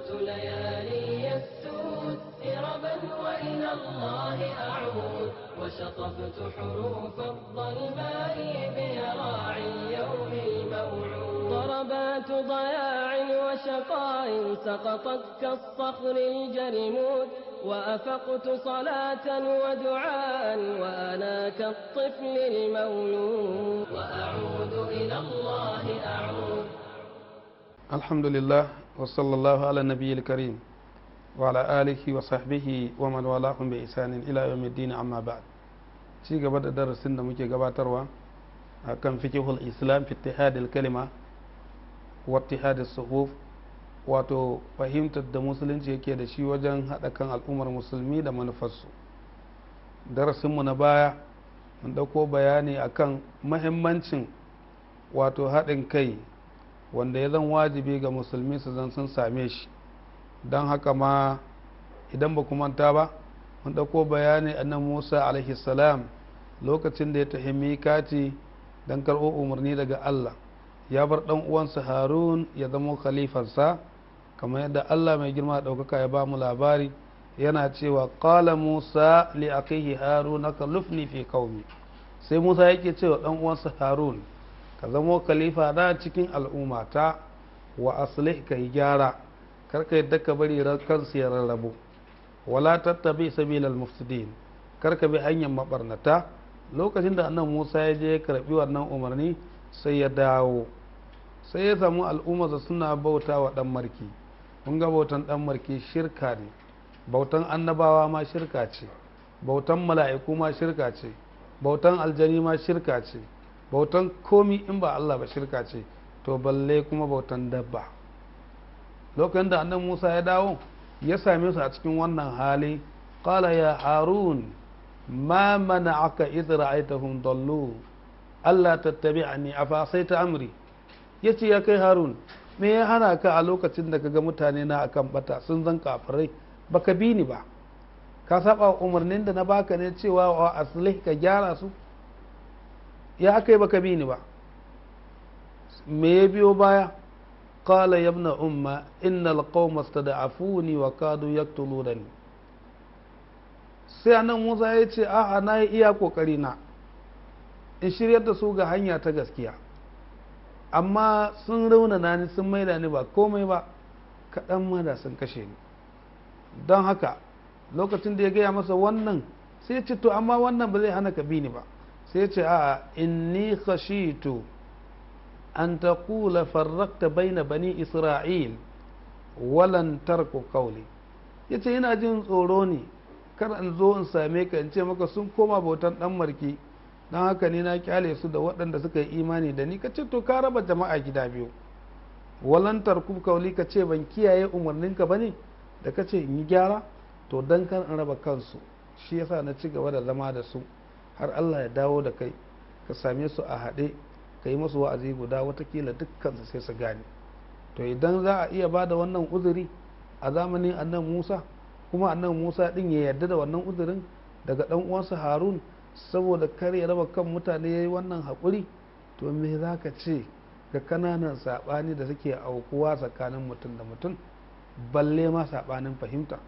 أسرت ليالي السود سربا وإلى الله أعود وشطفت حروف الظلماء بيراعي اليوم الموعود ضربات ضياع وشقاء سقطت كالصخر الجرمود وأفقت صلاة ودعاء وأنا كالطفل المولود وأعود إلى الله أعود الحمد لله وصلى الله على النبي الكريم وعلى آله وصحبه ومن والاهم بإحسان إلى يوم الدين أما بعد شيء قبل درس نمجي قبل كان فقه الإسلام في اتحاد الكلمة واتحاد الصفوف wato fahimtar da musulunci yake da shi wajen haɗa kan al'ummar musulmi da manufarsu darasinmu na baya mun ɗauko bayani akan mahimmancin wato haɗin kai wanda ya zan wajibi ga musulmi su zan sun same shi don haka ma idan ba manta ba mun ɗauko bayani nan musa alaihi lokacin da ya tafi kati don karɓo umarni daga allah ya bar ɗan uwansa harun ya zama khalifarsa kamar yadda allah mai girma ɗaukaka ya ba mu labari yana cewa ƙala musa li akihi harun na kalufni fi kaumi sai musa yake cewa ɗan uwansa harun ka zamo khalifa na cikin al'ummata wa asali ka yi gyara karka ka yadda ka bari kansu ya rarrabu wala tattabi sabilal mufsidin kar ka bi hanyar mabarnata lokacin da annan musa ya je ya karbi wannan umarni sai ya dawo sai ya samu al'ummarsa suna bauta wa dan marki mun ga bautan dan marki shirka ne bautan annabawa ma shirka ce bautan mala'iku ma shirka ce bautan aljani ma shirka ce bautan komi in ba Allah ba shirka ce to balle kuma bautan dabba lokacin da annan Musa ya dawo ya same su a cikin wannan hali qala ya harun ma mana'aka idh ra'aytahum dallu Allah tattabi'ani afa ta amri yace ya kai harun me ya hana ka a lokacin da kaga mutane na akan bata sun zan kafirai baka bi ni ba ka saba umarnin da na baka ne cewa wa aslih ka gyara su ya aka yi baka bi ni ba me ya biyo baya qala ya umma innal qawma stada'afuni wa kadu yaqtulunani sai anan Musa ya ce a na yi iya kokari na in shiryar da su ga hanya ta gaskiya amma sun raunana ni sun maida ni ba komai ba kaɗan ma da sun kashe ni don haka lokacin da ya gaya masa wannan sai ya ce to amma wannan ba zai hana ka bi ni ba sai ce a inni khashitu an farrakta bai na bani isra'il ku tarku Ya ce ina jin tsoro ne kar an zo in same ka in ce maka sun koma bautan dan marki Don haka ne na kyale su da waɗanda suka yi imani da ni ka ce to ka raba jama'a gida biyu Walantar ku qawli ka ce ban kiyaye umarninka bane da ka ce in yi gyara to dan kan in raba kansu shi yasa na ci gaba da zama da su har Allah ya dawo da kai ka same su a haɗe ka yi masu wa'azi guda watakila dukkansu sai su gane to idan za a iya ba da wannan uzuri a zamanin annan musa kuma annan musa ɗin ya yarda da wannan uzurin daga ɗan uwansa harun saboda kar ya raba kan mutane ya yi wannan haƙuri to me za ka ce ga kananan saɓani da suke aukuwa tsakanin mutum da mutum balle ma saɓanin fahimta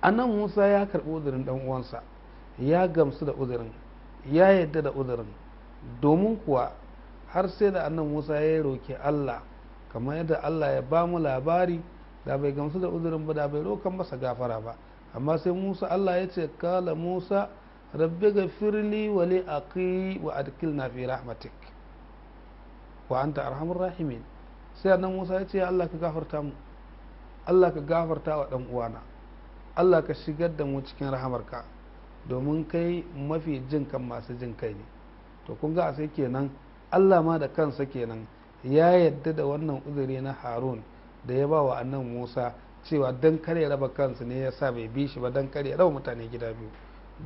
annan musa ya karɓi uzurin ɗan uwansa ya gamsu da uzurin ya yadda da uzurin domin kuwa har sai da annan musa ya roki allah kamar yadda allah ya ba mu labari da bai gamsu da uzurin ba da bai rokan masa gafara ba amma sai musa allah ya ce kala musa rabbi ga firli wa li aqi wa na fi rahmatik wa anta arhamur rahimin sai annan musa ya ce allah ka gafarta mu allah ka gafarta wa dan uwana allah ka shigar da mu cikin rahamarka domin kai mafi jin kan masu jin kai ne to kun ga sai kenan Allah ma da kansa kenan ya yadda da wannan uzuri na Harun da ya ba wa annan Musa cewa don kare raba kansu ne ya sa bai bi shi ba don kare raba mutane gida biyu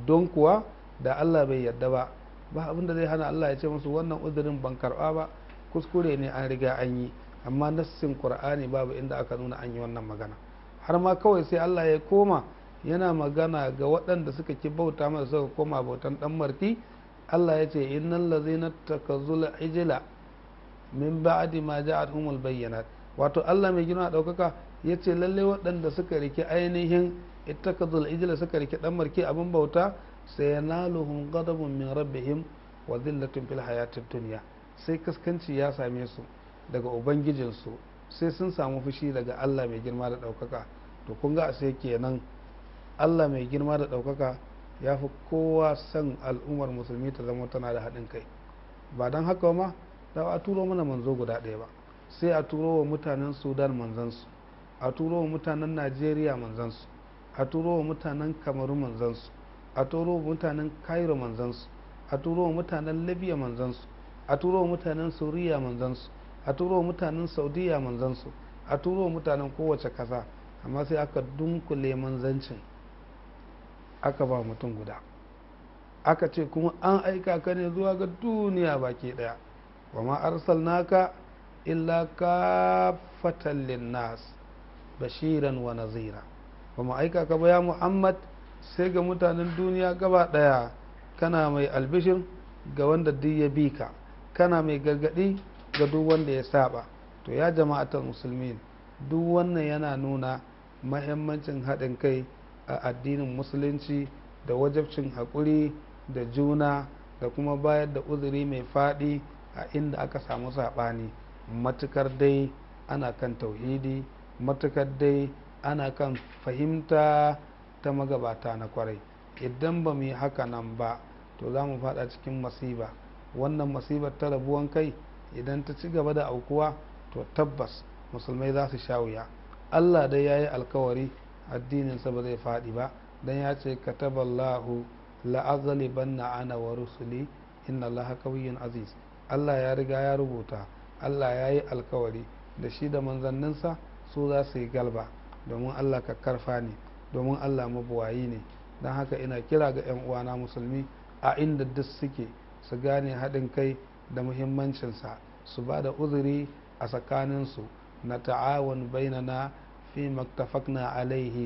don kuwa da Allah bai yadda ba ba abin da zai hana Allah ya ce musu wannan uzurin ban karba ba kuskure ne an riga an yi amma nassin Qur'ani babu inda aka nuna an yi wannan magana har ma kawai sai Allah ya koma yana magana ga waɗanda suka ki bauta masa suka koma bautan dan marti Allah ya ce innal ladzina takazzul ijla min ba'di ma ja'atuhum bayyana wato Allah mai gina daukaka yace lalle waɗanda suka riki ainihin ittakazul ijla suka riki ɗan marki abin bauta sai sayanaluhum ghadabun min rabbihim wa dhillatun fil hayatid dunya sai kaskanci ya same su daga ubangijinsu sai sun samu fushi daga Allah mai girma da ɗaukaka to kun ga sai kenan Allah mai girma da ɗaukaka ya fi kowa son al'ummar musulmi ta zama tana da haɗin kai ba don haka ma da a turo mana manzo guda ɗaya ba sai a turo wa mutanen sudan manzansu a turo wa mutanen najeriya manzansu a turo wa mutanen kamaru manzansu a turo wa mutanen cairo manzansu a turo wa mutanen libya manzansu a turo wa mutanen suriya manzansu a turo wa mutanen saudiya manzansu a turo wa mutanen kowace kasa amma sai aka dunkule manzancin aka ba mutum guda aka ce kuma an aika ka ne zuwa ga duniya baki daya wa ma naka illa kafatan linnas bashiran wa nazira ba ma aika ka ba ya muhammad sai ga mutanen duniya gaba daya kana mai albishin ga wanda duk ya bi ka kana mai gargadi ga duk wanda ya saba to ya jama'atar musulmi duk wannan yana nuna mahimmancin haɗin kai a addinin musulunci da wajabcin haƙuri da juna da kuma bayar da uzuri mai faɗi a inda aka samu saɓani matukar dai ana kan tauhidi matukar dai ana kan fahimta ta magabata na kwarai idan ba mu yi haka nan ba to za mu faɗa cikin masiba wannan masibar ta rabuwan kai idan ta ci gaba da aukuwa to tabbas musulmai za su sha wuya allah dai ya yi alkawari addininsa ba zai faɗi ba dan ya ce kataballahu la'aghlibanna ana wa rusuli inna allaha qawiyyun aziz Allah ya riga ya rubuta Allah ya yi alkawari da shi da manzanninsa su za su yi galba domin Allah ka karfa ne domin Allah mabuwayi ne don haka ina kira ga 'yan uwana musulmi a inda duk suke su gane haɗin kai da muhimmancinsa su ba da uzuri a tsakaninsu na ta'awun bainana فيما اتفقنا عليه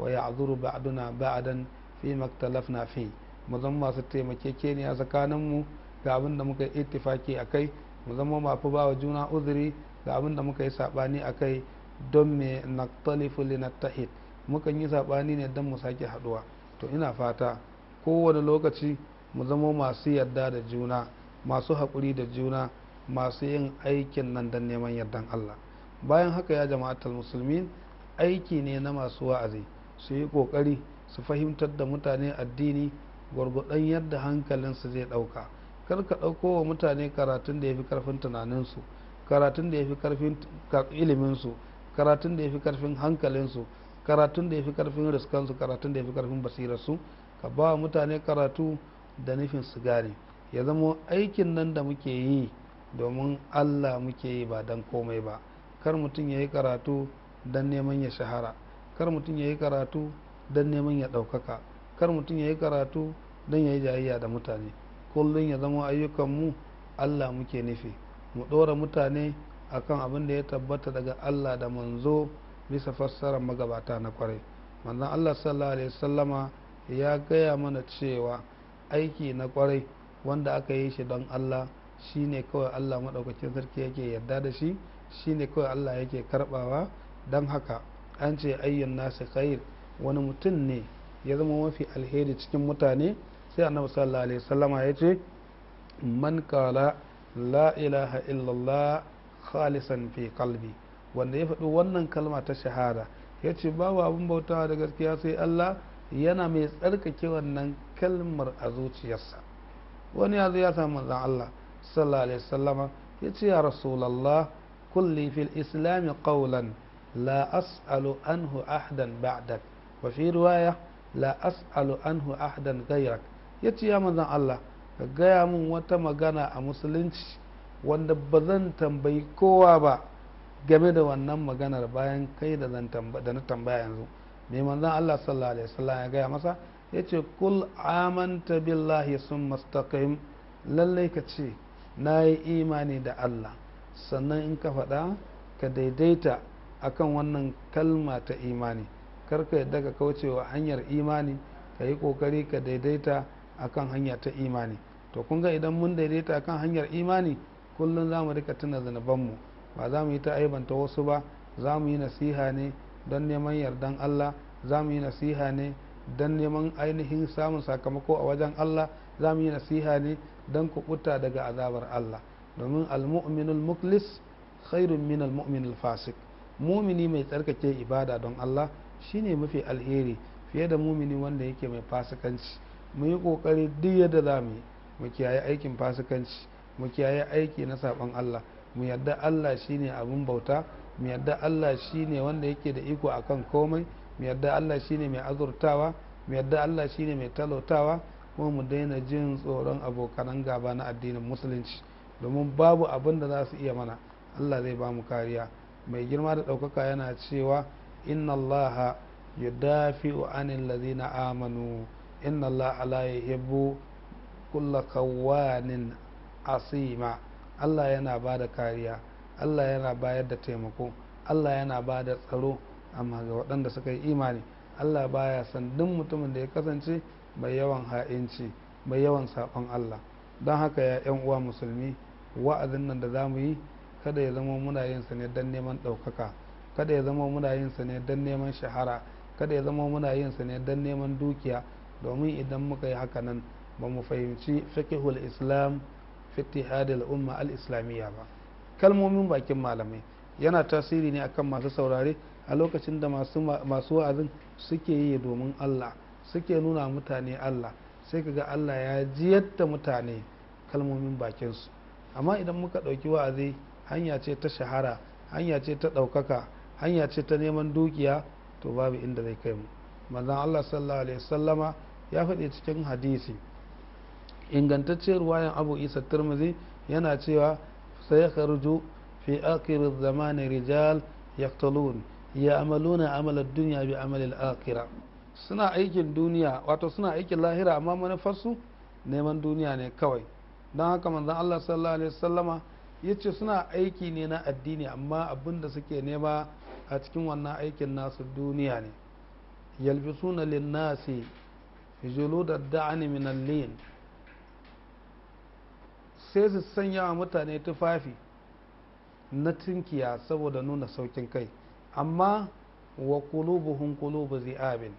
ويعذر ba'aduna بعدا فيما اختلفنا فيه mu zama masu taimakekeniya tsakaninmu ga abin da muka yi ittifaki a kai mu zama mafi ba wa juna uzuri ga abin da muka yi saɓani a kai don me naktalifu linattahid mukan yi saɓani ne don mu sake haɗuwa to ina fata kowane lokaci mu zama masu yarda da juna masu haƙuri da juna masu yin aikin nan don neman yardan Allah bayan haka ya jama'atul musulmin aiki ne na masu wa'azi su yi ƙoƙari su fahimtar da mutane addini gwargwadon yadda hankalinsu zai ɗauka kar ka ɗauko wa mutane karatun da ya fi ƙarfin tunaninsu karatun da ya fi ƙarfin iliminsu karatun da ya fi ƙarfin hankalinsu karatun da ya fi ƙarfin riskansu karatun da ya fi ƙarfin basirarsu ka ba wa mutane karatu da nufin su gane ya zama aikin nan da muke yi domin allah muke yi ba don komai ba kar mutum ya yi karatu don neman ya shahara kar mutum ya yi karatu don neman ya ɗaukaka kar mutum ya yi karatu don ya yi jayayya da mutane kullum ya zama ayyukanmu allah muke nufi mu ɗora mutane a kan abin da ya tabbata daga allah da manzo bisa fassarar magabata na kwarai manzon allah sallallahu alaihi wasallama ya gaya mana cewa aiki na kwarai wanda aka yi shi don allah shine kawai allah maɗaukakin sarki yake yarda da shi shine kawai allah yake karɓawa don haka an ce ayyan nasu khair wani mutum ne ya zama mafi alheri cikin mutane sai annabi sallallahu alaihi wasallama ya ce man kala la ilaha illallah khalisan fi kalbi wanda ya faɗi wannan kalma ta shahada ya ce babu abin bautawa da gaskiya sai Allah yana mai tsarkake wannan kalmar a zuciyarsa wani yanzu ya samu manzon Allah sallallahu alaihi wasallama ya ce ya rasulallah kulli fil islami qawlan لا أسأل عنه أحدا بعدك وفي رواية لا أسأل عنه أحدا غيرك يتي من الله gaya min wata magana a musulunci wanda ba zan tambayi kowa ba game da wannan maganar bayan kai da na tambaya yanzu mai mazan Allah sallallahu alaihi wasallam ya gaya masa yace kul amanta billahi sun istaqim lallai ka ce nayi imani da Allah sannan in ka faɗa ka daidaita akan wannan kalma ta imani karka yadda ka kaucewa hanyar imani ka yi kokari ka daidaita akan hanya ta imani to kun ga idan mun daidaita akan hanyar imani kullum za mu rika tuna zunubanmu ba za mu yi ta aibanta wasu ba za mu yi nasiha ne don neman yardan Allah za mu yi nasiha ne don neman ainihin samun sakamako a wajen Allah za mu yi nasiha ne don kuɓuta daga azabar Allah domin almu'minul muklis khairun minal muminul fasik mumini mai tsarkake ibada don Allah shine mafi alheri fiye da mumini wanda yake mai fasikanci mu yi kokari duk yadda za mu yi mu kiyaye aikin fasikanci mu kiyaye aiki na sabon Allah mu yadda Allah shine abun bauta mu yadda Allah shine wanda yake da iko akan komai mu yadda Allah shine mai azurtawa mu yadda Allah shine mai talautawa kuma mu daina jin tsoron abokanan gaba na addinin musulunci domin babu abin da za su iya mana Allah zai ba mu kariya mai girma da ɗaukaka yana cewa inna allaha yudafi'u anil ladina amanu inna allaha la hebu kulla kawanin asima allah yana ba da kariya allah yana bayar da taimako allah yana ba da tsaro amma ga waɗanda suka yi imani allah baya san duk mutumin da ya kasance mai yawan ha'inci mai yawan saƙon allah don haka ya 'yan uwa musulmi wa'azin nan da za mu yi kada ya zama muna yin sa ne don neman ɗaukaka kada ya zama muna yin sa ne don neman shahara kada ya zama muna yin sa ne don neman dukiya domin idan muka yi haka nan ba mu fahimci fiqhul islam fitihadil umma al islamiyya ba kalmomin bakin malamai yana tasiri ne akan masu saurare a lokacin da masu wa'azin suke yi domin Allah suke nuna mutane Allah sai kaga Allah ya jiyar da mutane kalmomin bakinsu amma idan muka ɗauki wa'azi hanya ce ta shahara hanya ce ta ɗaukaka hanya ce ta neman dukiya to babu inda zai kai mu manzon Allah sallallahu alaihi wasallama ya faɗi cikin hadisi ingantacciyar ruwayan Abu Isa Tirmidhi yana cewa sai kharju fi akhir zamani rijal yaqtalun ya'maluna amal ad-dunya bi amal al-akhirah suna aikin duniya wato suna aikin lahira amma manufarsu neman duniya ne kawai don haka manzon Allah sallallahu alaihi wasallama ya ce suna aiki ne na addini amma abinda suke nema a cikin wannan aikin nasu duniya ne yalbisuna linnasi juludar da'ani min lin sai su sanya wa mutane tufafi na tinkiya saboda nuna saukin kai amma wa kulubuhun kulubu zi'abin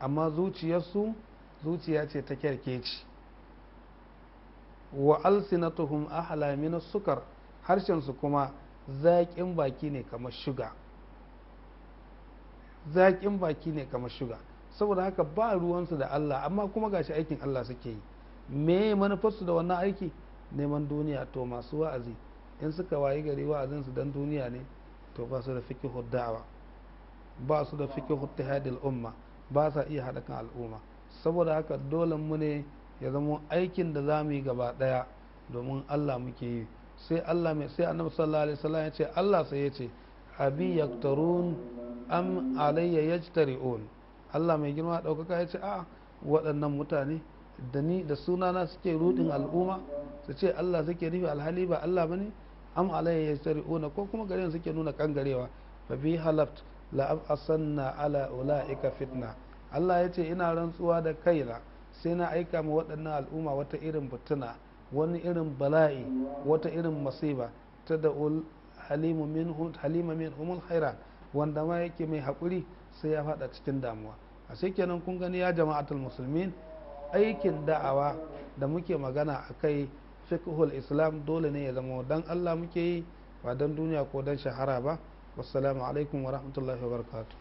amma zuciyarsu zuciya ce ta kyarkeci wa alsinatuhum ahla min sukar harshensu kuma zaƙin baki ne kamar shuga zaƙin baki ne kamar shuga saboda haka ba ruwansu da Allah amma kuma gashi aikin Allah suke yi me manufarsu da wannan aiki neman duniya to masu wa'azi in suka wayi gari wa'azinsu dan duniya ne to ba su da fiqhu da'awa ba su da fiqhu ihtihadil umma ba sa iya haɗa kan al'umma saboda haka dole mu ne ya zama aikin da za mu yi gaba ɗaya domin Allah muke yi sai Allah mai sai annabi sallallahu alaihi wasallam ya ce Allah sai ya ce abi yaktarun am alayya yajtari'un Allah mai girma daukaka ya ce a waɗannan mutane da ni da sunana suke rudin al'umma su ce Allah suke rufe alhali ba Allah bane am alayya yajtari'una ko kuma garin suke nuna kangarewa fa bi halaft la asanna ala ulaika fitna Allah ya ce ina rantsuwa da kaina sai na aika ma waɗannan al'umma wata irin fitina wani irin bala'i wata irin masiba ta da halima min humul haira wanda ma yake mai haƙuri sai ya faɗa cikin damuwa a kenan kun gani ya jama'atul musulmin aikin da'awa da muke magana a kai fiqhul islam dole ne ya zama dan allah muke yi ba dan duniya ko don shahara ba والسلام عليكم ورحمة الله وبركاته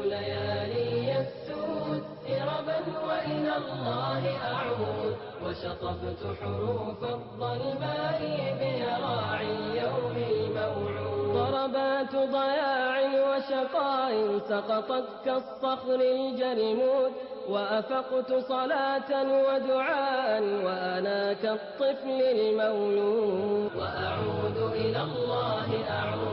ليالي السود وإلى الله أعود وشطفت حروف الظلماء بيراعي يوم الموعود ضربات ضياع وشقاء سقطت كالصخر الجرمود وأفقت صلاة ودعاء وأنا كالطفل المولود وأعود إلى الله أعود